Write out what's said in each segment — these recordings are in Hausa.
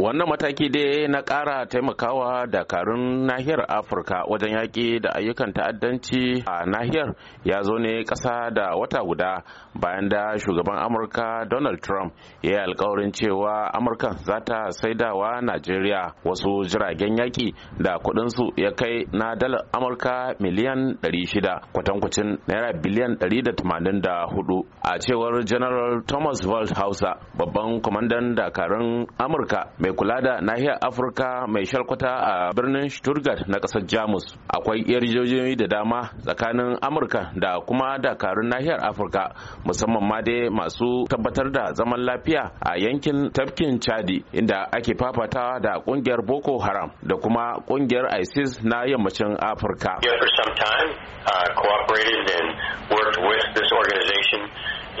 wannan mataki dai na ƙara taimakawa dakarun nahiyar afirka wajen yaƙi da ayyukan ta'addanci a nahiyar ya zo ne ƙasa da wata guda bayan da shugaban amurka donald trump ya yi alkawarin cewa amurka za ta saidawa najeriya wasu jiragen yaƙi da kuɗinsu ya kai na dalar amurka miliyan 600 kwatankwacin naira biliyan 184 a cewar general thomas Hausa, babban kwamandan dakarun amurka mai mai kula da nahiyar afirka mai shalkwata a birnin stuttgart na kasar jamus akwai yarjejoji da dama tsakanin amurka da kuma dakarun nahiyar afirka musamman ma dai masu tabbatar da zaman lafiya a yankin tafkin chadi inda ake fafatawa da kungiyar boko haram da kuma kungiyar isis na yammacin afirka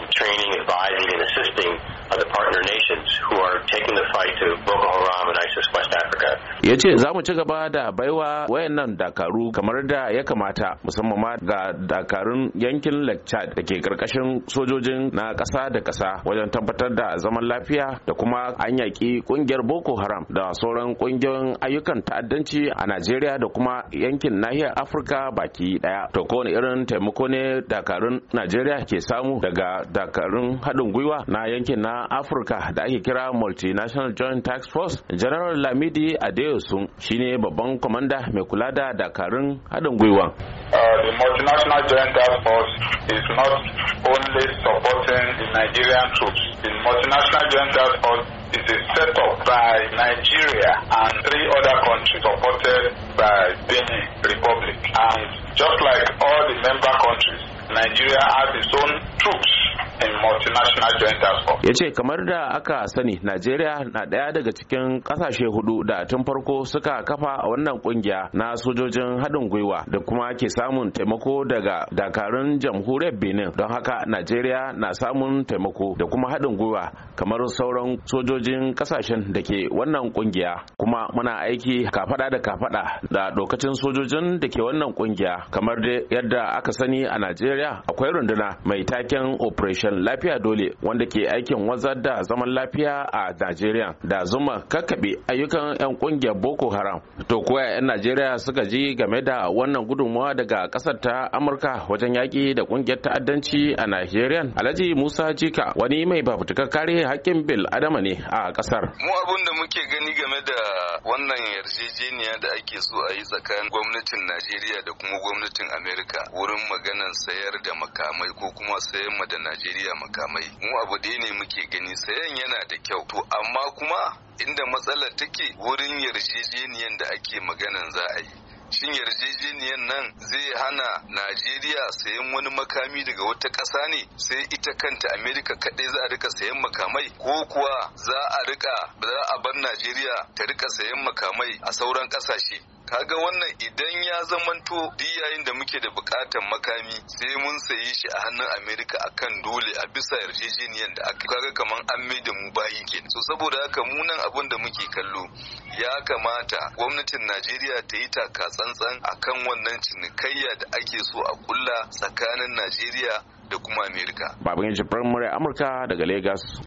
uh, training, advising, and assisting other partner nations who are taking the fight to Boko Haram and ISIS West Africa. Ya ce za mu ci gaba da baiwa wayannan dakaru kamar da ya kamata musamman ma ga dakarun yankin Lake Chad da ke karkashin sojojin na ƙasa da kasa wajen tabbatar da zaman lafiya da kuma an yaƙi ƙungiyar Boko Haram da sauran ƙungiyoyin ayyukan ta'addanci a Najeriya da kuma yankin nahiyar Afirka baki daya To kowane irin taimako ne dakarun Najeriya ke samu daga dakarun haɗin gwiwa na yankin na afirka da ake kira multinational joint tax force general lamidi adeosun shine babban komanda mai kula da dakarun haɗin gwiwa uh, the multinational joint tax force is not only supporting the nigerian troops the multinational joint tax force is a set up by nigeria and three other countries supported by benin republic and just like all the member countries nigeria has its own troops in multinational joint task Ya ce kamar da aka sani Najeriya na ɗaya daga cikin ƙasashe hudu da tun farko suka kafa a wannan ƙungiya na sojojin haɗin gwiwa da kuma ke samun taimako daga dakarun jamhuriyar Benin don haka Najeriya na samun taimako da kuma haɗin gwiwa kamar sauran sojojin ƙasashen da ke wannan kungiya kuma muna aiki kafaɗa da kafaɗa da dokacin sojojin da ke wannan ƙungiya kamar yadda aka sani a Najeriya akwai runduna mai taken operation shirin lafiya dole wanda ke aikin wazar da zaman lafiya a Najeriya da zuma kakkaɓe ayyukan 'yan kungiyar Boko Haram. To koya 'yan Najeriya suka ji game da wannan gudunmawa daga ƙasar ta Amurka wajen yaƙi da kungiyar ta'addanci a Najeriya. Alhaji Musa Jika wani mai babutukar kare haƙƙin bil adama ne a ƙasar. Mu abun da muke gani game da wannan yarjejeniya da ake so a yi tsakanin gwamnatin Najeriya da kuma gwamnatin Amerika wurin maganar sayar da makamai ko kuma sayan da Najeriya makamai mu abu ɗaya ne muke gani sayan yana da kyau to amma kuma inda matsalar take wurin yarjejeniyan da ake maganan za a yi shin yarjejeniyan nan zai hana najeriya sayan wani makami daga wata ƙasa ne sai ita kanta amerika kaɗai za a rika sayan makamai ko kuwa za a rika za a bar najeriya ta rika sayan makamai a sauran ƙasashe kaga wannan idan ya zamanto duk yayin da muke da bukatan makami sai mun sayi shi a hannun Amerika akan dole a bisa yarjejeniyar da aka kaga kaman an mai da mu bayi ke so saboda haka mu nan abin da muke kallo ya kamata gwamnatin najeriya ta yi taka tsantsan akan wannan cinikayya da ake so a kulla tsakanin najeriya da kuma america babban jibrin murai amurka daga lagos